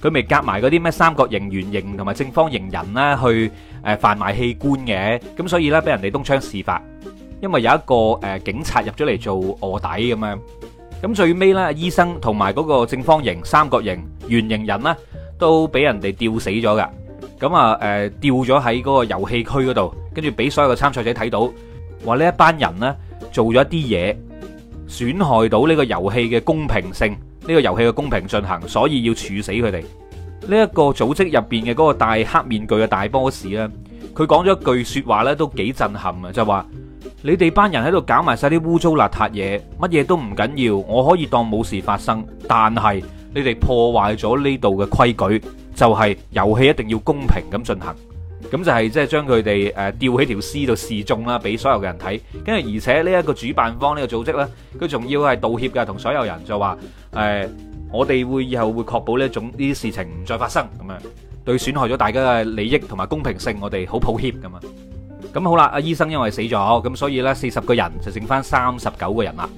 佢咪夾埋嗰啲咩三角形、圓形同埋正方形人咧，去誒販賣器官嘅，咁所以咧俾人哋東窗事發。因為有一個誒警察入咗嚟做臥底咁樣，咁最尾咧醫生同埋嗰個正方形、三角形、圓形人咧都俾人哋吊死咗噶，咁啊誒吊咗喺嗰個遊戲區嗰度，跟住俾所有嘅參賽者睇到，話呢一班人咧做咗一啲嘢，損害到呢個遊戲嘅公平性。呢個遊戲嘅公平進行，所以要處死佢哋。呢、這、一個組織入邊嘅嗰個戴黑面具嘅大 boss 咧，佢講咗一句說話咧，都幾震撼啊！就話、是、你哋班人喺度搞埋晒啲污糟邋遢嘢，乜嘢都唔緊要，我可以當冇事發生。但係你哋破壞咗呢度嘅規矩，就係、是、遊戲一定要公平咁進行。咁就係即係將佢哋誒吊起條屍度示眾啦，俾所有嘅人睇。跟住而且呢一個主辦方呢個組織呢，佢仲要係道歉噶，同所有人就話誒、呃，我哋會以後會確保呢一種呢啲事情唔再發生咁樣，對損害咗大家嘅利益同埋公平性，我哋好抱歉噶嘛。咁好啦，阿醫生因為死咗，咁所以呢四十個人就剩翻三十九個人啦。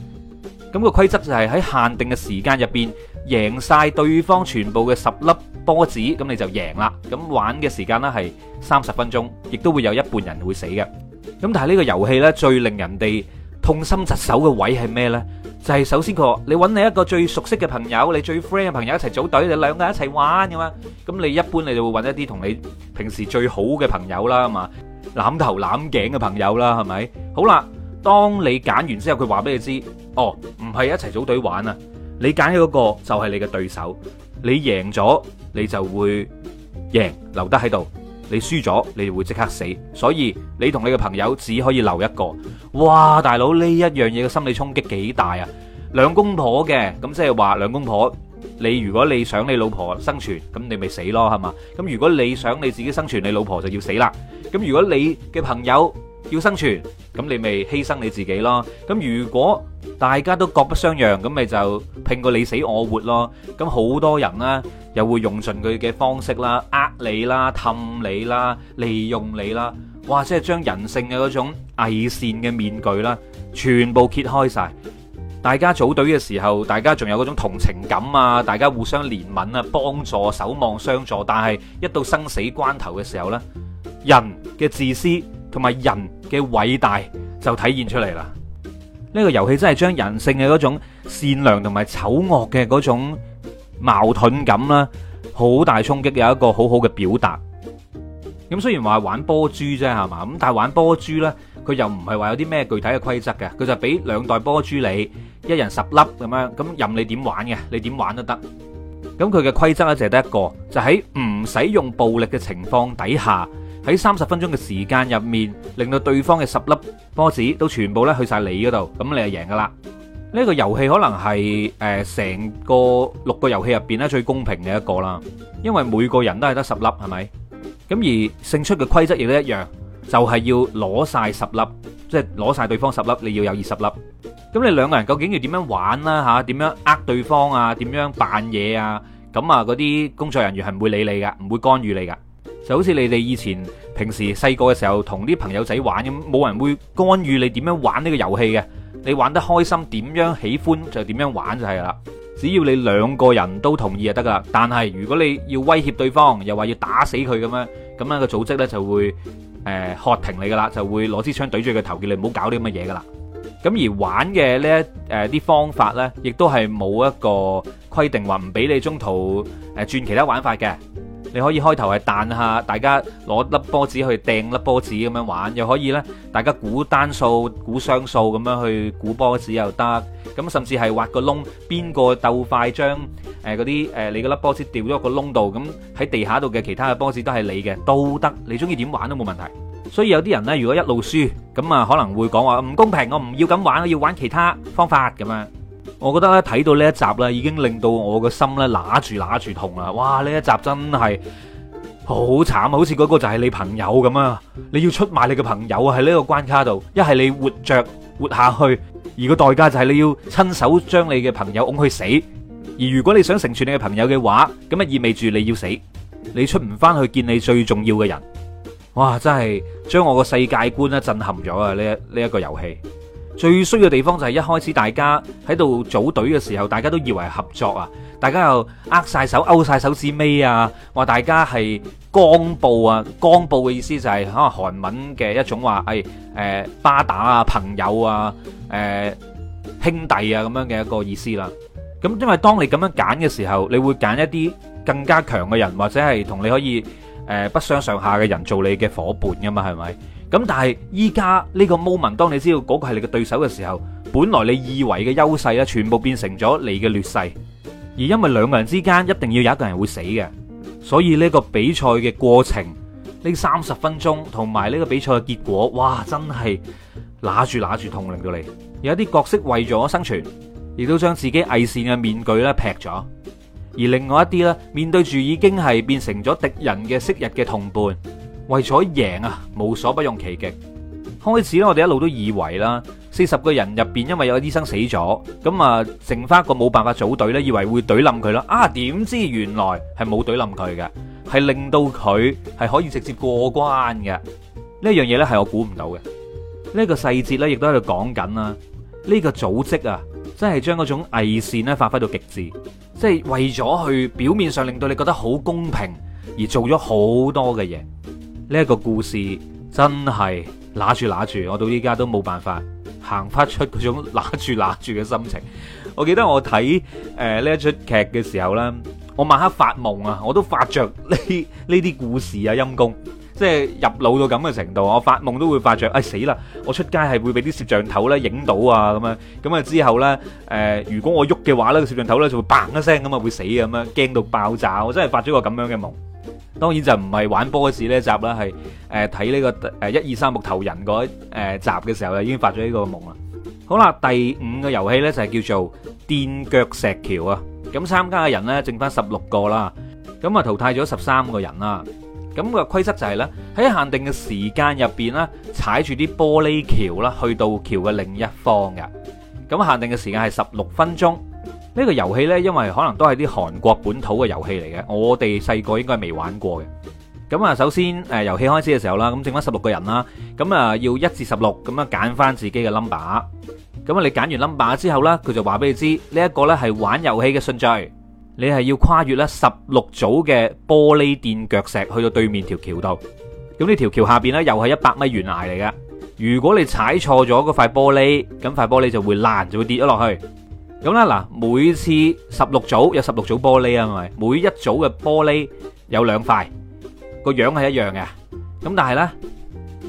咁、那個規則就係喺限定嘅時間入邊。贏晒對方全部嘅十粒波子，咁你就贏啦。咁玩嘅時間呢係三十分鐘，亦都會有一半人會死嘅。咁但係呢個遊戲呢最令人哋痛心疾首嘅位係咩呢？就係首先佢你搵你一個最熟悉嘅朋友，你最 friend 嘅朋友一齊組隊，你兩個一齊玩咁嘛。咁你一般你就會搵一啲同你平時最好嘅朋友啦，嘛攬頭攬頸嘅朋友啦，係咪？好啦，當你揀完之後，佢話俾你知，哦，唔係一齊組隊玩啊！你揀起嗰個就係你嘅對手，你贏咗你就會贏留得喺度，你輸咗你就會即刻死，所以你同你嘅朋友只可以留一個。哇，大佬呢一樣嘢嘅心理衝擊幾大啊！兩公婆嘅，咁即係話兩公婆，你如果你想你老婆生存，咁你咪死咯，係嘛？咁如果你想你自己生存，你老婆就要死啦。咁如果你嘅朋友，要生存，咁你咪犧牲你自己咯。咁如果大家都各不相讓，咁咪就拼個你死我活咯。咁好多人啦，又會用盡佢嘅方式啦，呃你啦，氹你啦，利用你啦，或者係將人性嘅嗰種偽善嘅面具啦，全部揭開晒。大家組隊嘅時候，大家仲有嗰種同情感啊，大家互相憐憫啊，幫助、守望相助。但係一到生死關頭嘅時候呢，人嘅自私。同埋人嘅偉大就體現出嚟啦！呢、這個遊戲真係將人性嘅嗰種善良同埋醜惡嘅嗰種矛盾感啦，好大沖擊，有一個好好嘅表達。咁、嗯、雖然話玩波珠啫係嘛，咁但係玩波珠呢，佢又唔係話有啲咩具體嘅規則嘅，佢就俾兩袋波珠你，一人十粒咁樣，咁任你點玩嘅，你點玩都得。咁佢嘅規則呢，就係得一個，就喺唔使用暴力嘅情況底下。喺三十分鐘嘅時間入面，令到對方嘅十粒波子都全部咧去曬你嗰度，咁你就贏噶啦。呢一個遊戲可能係誒成個六個遊戲入邊咧最公平嘅一個啦，因為每個人都係得十粒，係咪？咁而勝出嘅規則亦都一樣，就係要攞曬十粒，即係攞曬對方十粒，你要有二十粒。咁你兩個人究竟要點樣玩啦？嚇，點樣呃對方啊？點樣扮嘢啊？咁啊，嗰啲工作人員係唔會理你噶，唔會干預你噶。就好似你哋以前平時細個嘅時候同啲朋友仔玩咁，冇人會干預你點樣玩呢個遊戲嘅。你玩得開心，點樣喜歡就點樣玩就係啦。只要你兩個人都同意就得噶啦。但係如果你要威脅對方，又話要打死佢咁樣，咁、那、樣個組織呢就會誒、呃、喝停你噶啦，就會攞支槍懟住個頭叫你唔好搞啲咁嘅嘢噶啦。咁而玩嘅呢誒啲方法呢，亦都係冇一個規定話唔俾你中途誒轉、呃、其他玩法嘅。你可以開頭係彈下，大家攞粒波子去掟粒波子咁樣玩，又可以呢，大家估單數、估雙數咁樣去估波子又得，咁甚至係挖個窿，邊個鬥快將誒嗰啲誒你嗰粒波子掉咗個窿度，咁喺地下度嘅其他嘅波子都係你嘅，都得，你中意點玩都冇問題。所以有啲人呢，如果一路輸，咁啊可能會講話唔公平，我唔要咁玩，我要玩其他方法咁樣。我覺得咧睇到呢一集啦，已經令到我個心咧揦住揦住痛啦！哇，呢一集真係好慘，好似嗰個就係你朋友咁啊！你要出賣你嘅朋友喺呢個關卡度，一係你活着活下去，而個代價就係你要親手將你嘅朋友拱去死；而如果你想成全你嘅朋友嘅話，咁啊意味住你要死，你出唔翻去見你最重要嘅人。哇！真係將我個世界觀咧震撼咗啊！呢一呢一,一個遊戲。最衰嘅地方就係一開始大家喺度組隊嘅時候，大家都以為合作啊，大家又握晒手勾晒手指尾啊，話大家係幹部啊，幹部嘅意思就係可能韓文嘅一種話，誒、哎、誒、呃、巴打啊朋友啊，誒、呃、兄弟啊咁樣嘅一個意思啦。咁因為當你咁樣揀嘅時候，你會揀一啲更加強嘅人，或者係同你可以誒、呃、不相上下嘅人做你嘅伙伴噶嘛，係咪？咁但係依家呢個 moment 當你知道嗰個係你嘅對手嘅時候，本來你以為嘅優勢咧，全部變成咗你嘅劣勢。而因為兩個人之間一定要有一個人會死嘅，所以呢個比賽嘅過程，呢三十分鐘同埋呢個比賽嘅結果，哇，真係揦住揦住痛，令到你有一啲角色為咗生存，亦都將自己偽善嘅面具咧劈咗。而另外一啲咧，面對住已經係變成咗敵人嘅昔日嘅同伴。為咗贏啊，無所不用其極。開始咧，我哋一路都以為啦，四十個人入邊，因為有醫生死咗，咁啊，剩翻個冇辦法組隊咧，以為會懟冧佢啦。啊，點知原來係冇懟冧佢嘅，係令到佢係可以直接過關嘅。呢樣嘢咧係我估唔到嘅。呢個細節咧亦都喺度講緊啦。呢個組織啊，真係將嗰種偽善咧發揮到極致，即係為咗去表面上令到你覺得好公平，而做咗好多嘅嘢。呢一個故事真係揦住揦住，我到依家都冇辦法行翻出嗰種揦住揦住嘅心情。我記得我睇誒呢一出劇嘅時候呢，我晚黑發夢啊，我都發着呢呢啲故事啊，陰功，即係入腦到咁嘅程度。我發夢都會發着「哎死啦！我出街係會俾啲攝像頭咧影到啊」咁樣。咁啊之後呢，誒，如果我喐嘅話呢個攝像頭呢就會 bang 一聲咁啊，會死啊咁樣，驚到爆炸！我真係發咗個咁樣嘅夢。當然就唔係玩波子呢集啦，係誒睇呢個誒一二三木頭人嗰集嘅時候就已經發咗呢個夢啦。好啦，第五個遊戲呢就係叫做墊腳石橋啊。咁參加嘅人呢剩翻十六個啦，咁啊淘汰咗十三個人啦。咁個規則就係呢：喺限定嘅時間入邊呢，踩住啲玻璃橋啦去到橋嘅另一方嘅。咁限定嘅時間係十六分鐘。呢個遊戲咧，因為可能都係啲韓國本土嘅遊戲嚟嘅，我哋細個應該係未玩過嘅。咁啊，首先誒，遊戲開始嘅時候啦，咁剩翻十六個人啦，咁啊，要一至十六咁樣揀翻自己嘅 number。咁啊，你揀完 number 之後咧，佢就話俾你知，呢一個咧係玩遊戲嘅順序，你係要跨越咧十六組嘅玻璃墊腳石去到對面條橋度。咁呢條橋下邊咧又係一百米懸崖嚟嘅。如果你踩錯咗嗰塊玻璃，咁塊玻璃就會爛，就會跌咗落去。咁啦，嗱，每次十六組有十六組玻璃啊係咪？每一組嘅玻璃有兩塊，個樣係一樣嘅。咁但係咧，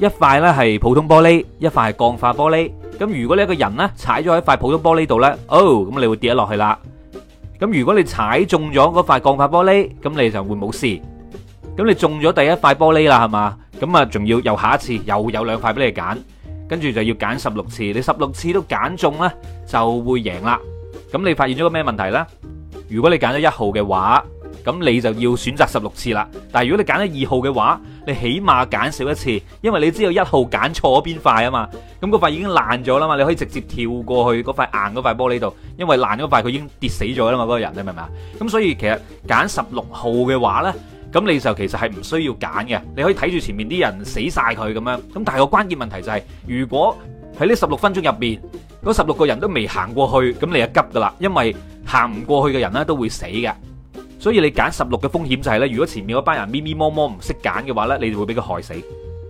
一塊咧係普通玻璃，一塊係鋼化玻璃。咁如果呢一個人咧踩咗喺塊普通玻璃度咧，哦，咁你會跌咗落去啦。咁如果你踩中咗嗰塊鋼化玻璃，咁你就會冇事。咁你中咗第一塊玻璃啦，係嘛？咁啊，仲要又下一次又有兩塊俾你揀，跟住就要揀十六次。你十六次都揀中咧，就會贏啦。咁你發現咗個咩問題呢？如果你揀咗一號嘅話，咁你就要選擇十六次啦。但係如果你揀咗二號嘅話，你起碼揀少一次，因為你知道一號揀錯咗邊塊啊嘛。咁嗰塊已經爛咗啦嘛，你可以直接跳過去嗰塊硬嗰塊玻璃度，因為爛嗰塊佢已經跌死咗啦嘛，嗰個人你明唔明啊？咁所以其實揀十六號嘅話呢，咁你就其實係唔需要揀嘅，你可以睇住前面啲人死晒佢咁樣。咁但係個關鍵問題就係，如果喺呢十六分鐘入邊。嗰十六個人都未行過去，咁你就急噶啦，因為行唔過去嘅人咧都會死嘅，所以你揀十六嘅風險就係咧，如果前面嗰班人咪咪摸摸唔識揀嘅話咧，你就會俾佢害死。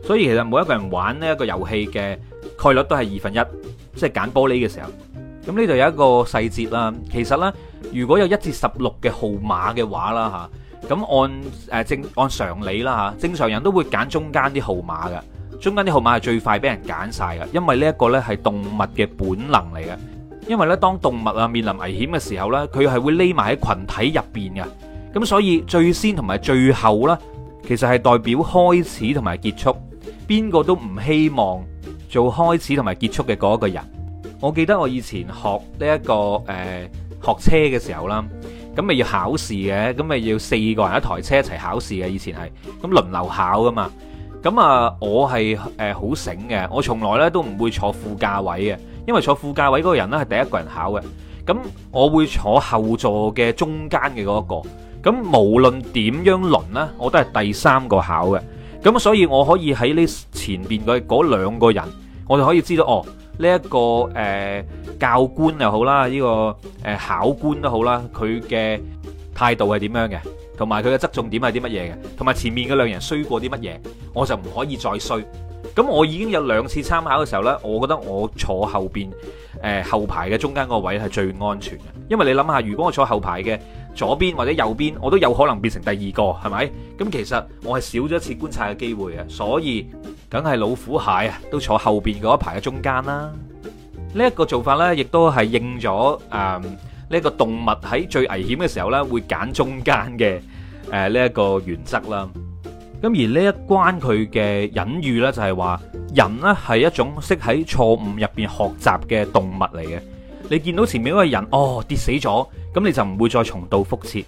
所以其實每一個人玩呢一個遊戲嘅概率都係二分一，即係揀玻璃嘅時候。咁呢度有一個細節啦，其實咧，如果有一至十六嘅號碼嘅話啦嚇，咁按誒正按常理啦嚇，正常人都會揀中間啲號碼㗎。中間啲號碼係最快俾人揀晒嘅，因為呢一個呢係動物嘅本能嚟嘅。因為呢，當動物啊面臨危險嘅時候呢，佢係會匿埋喺群體入邊嘅。咁所以最先同埋最後咧，其實係代表開始同埋結束。邊個都唔希望做開始同埋結束嘅嗰一個人。我記得我以前學呢、這、一個誒、呃、學車嘅時候啦，咁咪要考試嘅，咁咪要四個人一台車一齊考試嘅。以前係咁輪流考㗎嘛。咁啊，我係誒好醒嘅，我從來咧都唔會坐副駕位嘅，因為坐副駕位嗰個人咧係第一個人考嘅。咁我會坐後座嘅中間嘅嗰一個。咁無論點樣輪咧，我都係第三個考嘅。咁所以我可以喺呢前邊嘅嗰兩個人，我就可以知道哦，呢、這、一個誒、呃、教官又好啦，呢、這個誒、呃、考官都好啦，佢嘅態度係點樣嘅。同埋佢嘅側重點係啲乜嘢嘅，同埋前面嗰兩人衰過啲乜嘢，我就唔可以再衰。咁我已經有兩次參考嘅時候呢，我覺得我坐後邊誒後排嘅中間個位係最安全嘅，因為你諗下，如果我坐後排嘅左邊或者右邊，我都有可能變成第二個，係咪？咁其實我係少咗一次觀察嘅機會啊，所以梗係老虎蟹啊，都坐後邊嗰一排嘅中間啦。呢一個做法呢，亦都係應咗誒。呢個動物喺最危險嘅時候呢，會揀中間嘅誒呢一個原則啦。咁而呢一關佢嘅隱喻呢就係話人呢係一種識喺錯誤入邊學習嘅動物嚟嘅。你見到前面嗰個人哦跌死咗，咁你就唔會再重蹈覆轍，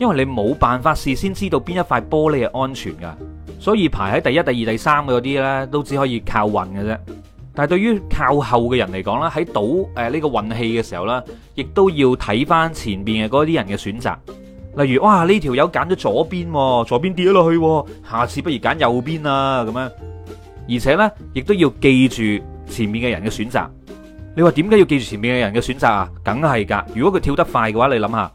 因為你冇辦法事先知道邊一塊玻璃係安全噶。所以排喺第一、第二、第三嗰啲呢，都只可以靠運嘅啫。但係對於靠後嘅人嚟講咧，喺賭誒呢個運氣嘅時候咧，亦都要睇翻前面嘅嗰啲人嘅選擇。例如，哇呢條友揀咗左邊喎，左邊跌咗落去，下次不如揀右邊啊咁樣。而且咧，亦都要記住前面嘅人嘅選擇。你話點解要記住前面嘅人嘅選擇啊？梗係㗎。如果佢跳得快嘅話，你諗下。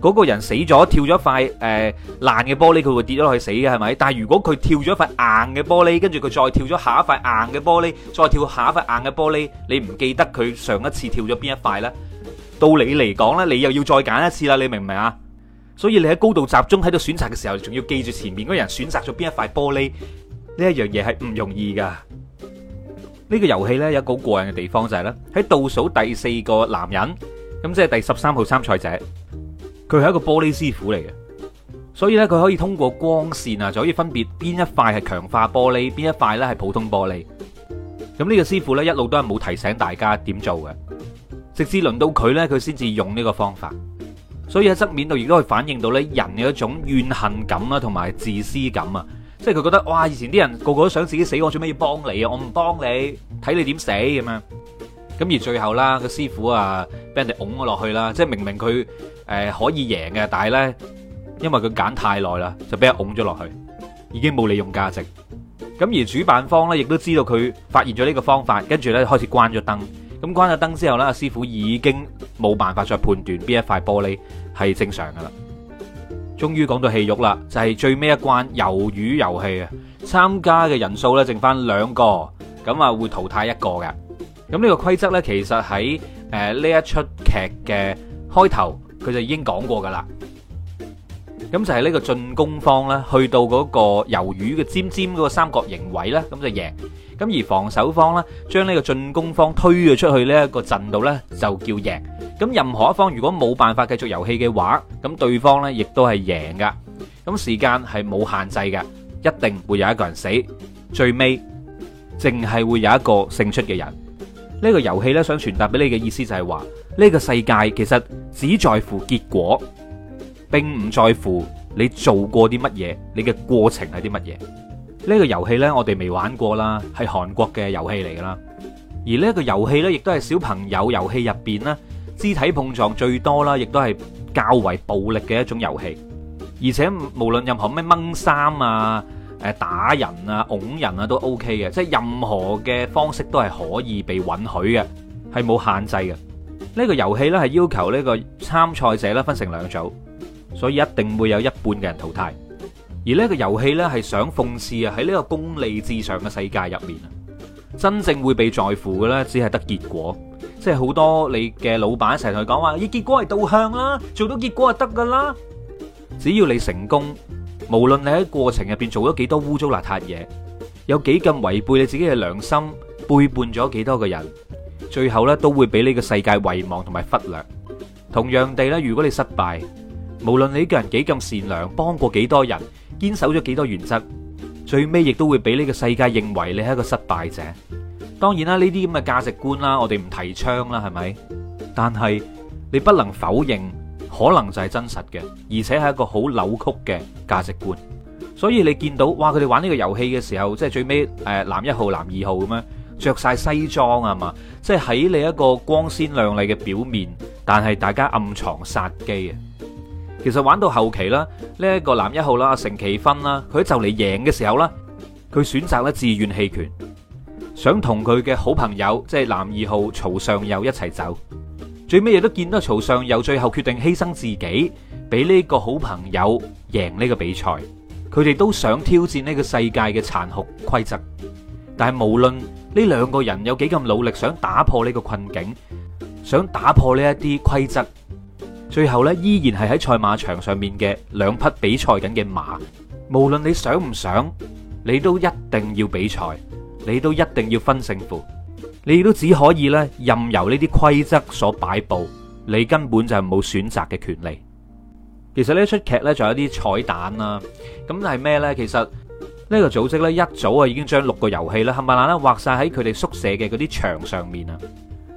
嗰個人死咗，跳咗一塊誒爛嘅玻璃，佢會跌咗落去死嘅，係咪？但係如果佢跳咗一塊硬嘅玻璃，跟住佢再跳咗下一塊硬嘅玻璃，再跳下一塊硬嘅玻璃，你唔記得佢上一次跳咗邊一塊咧？到你嚟講咧，你又要再揀一次啦。你明唔明啊？所以你喺高度集中喺度選擇嘅時候，仲要記住前面嗰人選擇咗邊一塊玻璃，呢一樣嘢係唔容易噶。呢個遊戲咧，有個好過癮嘅地方就係咧，喺倒數第四個男人咁，即係第十三號參賽者。佢係一個玻璃師傅嚟嘅，所以咧佢可以通過光線啊，就可以分別邊一塊係強化玻璃，邊一塊咧係普通玻璃。咁呢個師傅咧一路都係冇提醒大家點做嘅，直至輪到佢咧，佢先至用呢個方法。所以喺側面度亦都可以反映到咧人嘅一種怨恨感啦，同埋自私感啊，即係佢覺得哇，以前啲人個個都想自己死，我做咩要幫你啊？我唔幫你，睇你點死咁樣！咁而最後啦，個師傅啊～俾人哋拱咗落去啦，即係明明佢誒、呃、可以贏嘅，但係呢，因為佢揀太耐啦，就俾人拱咗落去，已經冇利用價值。咁而主辦方呢，亦都知道佢發現咗呢個方法，跟住呢開始關咗燈。咁關咗燈之後咧，師傅已經冇辦法再判斷邊一塊玻璃係正常噶啦。終於講到戲肉啦，就係、是、最尾一關魷魚遊戲啊！參加嘅人數呢，剩翻兩個，咁啊會淘汰一個嘅。咁、這、呢個規則呢，其實喺誒，呢一出劇嘅開頭佢就已經講過噶啦，咁就係呢個進攻方咧，去到嗰個魷魚嘅尖尖嗰個三角形位咧，咁就贏；咁而防守方咧，將呢個進攻方推咗出去呢一個陣度咧，就叫贏。咁任何一方如果冇辦法繼續遊戲嘅話，咁對方咧亦都係贏噶。咁時間係冇限制嘅，一定會有一個人死，最尾淨係會有一個勝出嘅人。呢個遊戲咧，想傳達俾你嘅意思就係話，呢個世界其實只在乎結果，並唔在乎你做過啲乜嘢，你嘅過程係啲乜嘢。呢個遊戲咧，我哋未玩過啦，係韓國嘅遊戲嚟噶啦。而呢個遊戲咧，亦都係小朋友遊戲入邊咧，肢體碰撞最多啦，亦都係較為暴力嘅一種遊戲。而且無論任何咩掹衫啊～誒，打人啊，㧬人啊，都 O K 嘅，即係任何嘅方式都係可以被允許嘅，係冇限制嘅。呢個遊戲咧係要求呢個參賽者咧分成兩組，所以一定會有一半嘅人淘汰。而呢個遊戲咧係想諷刺啊，喺呢個功利至上嘅世界入面啊，真正會被在乎嘅咧，只係得結果，即係好多你嘅老闆成日同佢講話，以結果係導向啦，做到結果就得噶啦，只要你成功。無論你喺過程入邊做咗幾多污糟邋遢嘢，有幾咁違背你自己嘅良心，背叛咗幾多個人，最後呢都會俾呢個世界遺忘同埋忽略。同樣地咧，如果你失敗，無論你呢個人幾咁善良，幫過幾多人，堅守咗幾多原則，最尾亦都會俾呢個世界認為你係一個失敗者。當然啦，呢啲咁嘅價值觀啦，我哋唔提倡啦，係咪？但係你不能否認。可能就係真實嘅，而且係一個好扭曲嘅價值觀。所以你見到哇，佢哋玩呢個遊戲嘅時候，即係最尾誒、呃、男一號、男二號咁樣着晒西裝啊嘛，即係喺你一個光鮮亮麗嘅表面，但係大家暗藏殺機啊。其實玩到後期啦，呢、這、一個男一號啦、啊，成奇勳啦，佢就嚟贏嘅時候啦，佢選擇咗自願棄權，想同佢嘅好朋友即係男二號曹尚佑一齊走。最尾亦都見到曹尚佑最後決定犧牲自己，俾呢個好朋友贏呢個比賽。佢哋都想挑戰呢個世界嘅殘酷規則，但係無論呢兩個人有幾咁努力，想打破呢個困境，想打破呢一啲規則，最後呢依然係喺賽馬場上面嘅兩匹比賽緊嘅馬。無論你想唔想，你都一定要比賽，你都一定要分勝負。你都只可以咧任由呢啲規則所擺佈，你根本就係冇選擇嘅權利。其實呢出劇咧仲有啲彩蛋啊，咁係咩呢？其實呢個組織咧一早啊已經將六個遊戲呢，冚唪唥啦畫晒喺佢哋宿舍嘅嗰啲牆上面啊，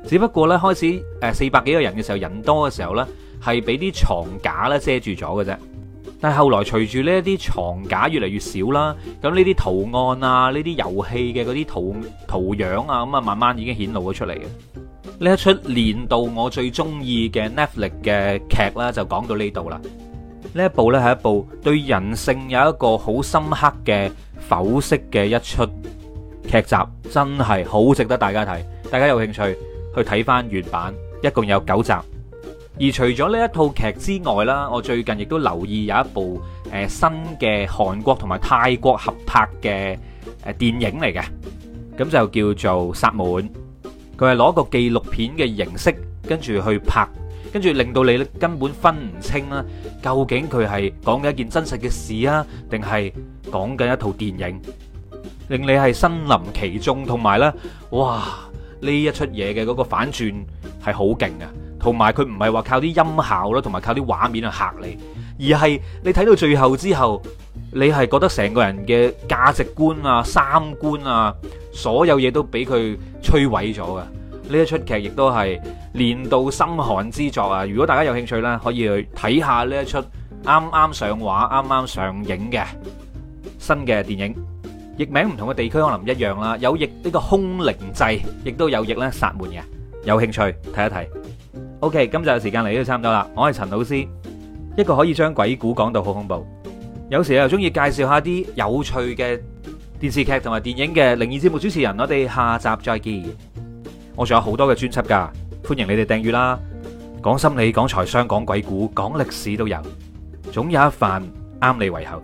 只不過呢，開始誒四百幾個人嘅時候，人多嘅時候呢，係俾啲床架咧遮住咗嘅啫。但係後來隨住呢一啲床架越嚟越少啦，咁呢啲圖案啊，呢啲遊戲嘅嗰啲圖圖樣啊，咁啊慢慢已經顯露咗出嚟嘅。呢一出年度我最中意嘅 Netflix 嘅劇啦，就講到呢度啦。呢一部呢係一部對人性有一個好深刻嘅剖析嘅一出劇集，真係好值得大家睇。大家有興趣去睇翻原版，一共有九集。而除咗呢一套劇之外啦，我最近亦都留意有一部誒新嘅韓國同埋泰國合拍嘅誒電影嚟嘅，咁就叫做《薩滿》，佢係攞個紀錄片嘅形式跟住去拍，跟住令到你根本分唔清啦，究竟佢係講緊一件真實嘅事啊，定係講緊一套電影，令你係身臨其中，同埋咧，哇呢一出嘢嘅嗰個反轉係好勁啊！同埋佢唔係話靠啲音效啦，同埋靠啲畫面去嚇你，而係你睇到最後之後，你係覺得成個人嘅價值觀啊、三觀啊，所有嘢都俾佢摧毀咗嘅。呢一出劇亦都係連到心寒之作啊！如果大家有興趣咧，可以去睇下呢一出啱啱上畫、啱啱上映嘅新嘅電影，譯名唔同嘅地區可能唔一樣啦。有譯呢個《空靈祭》，亦都有譯咧《薩滿》嘅。有興趣睇一睇。O.K.，今集嘅時間嚟到差唔多啦，我係陳老師，一個可以將鬼故講到好恐怖，有時又中意介紹下啲有趣嘅電視劇同埋電影嘅靈異節目主持人，我哋下集再見。我仲有好多嘅專輯噶，歡迎你哋訂閱啦，講心理、講財商、講鬼故、講歷史都有，總有一份啱你胃口。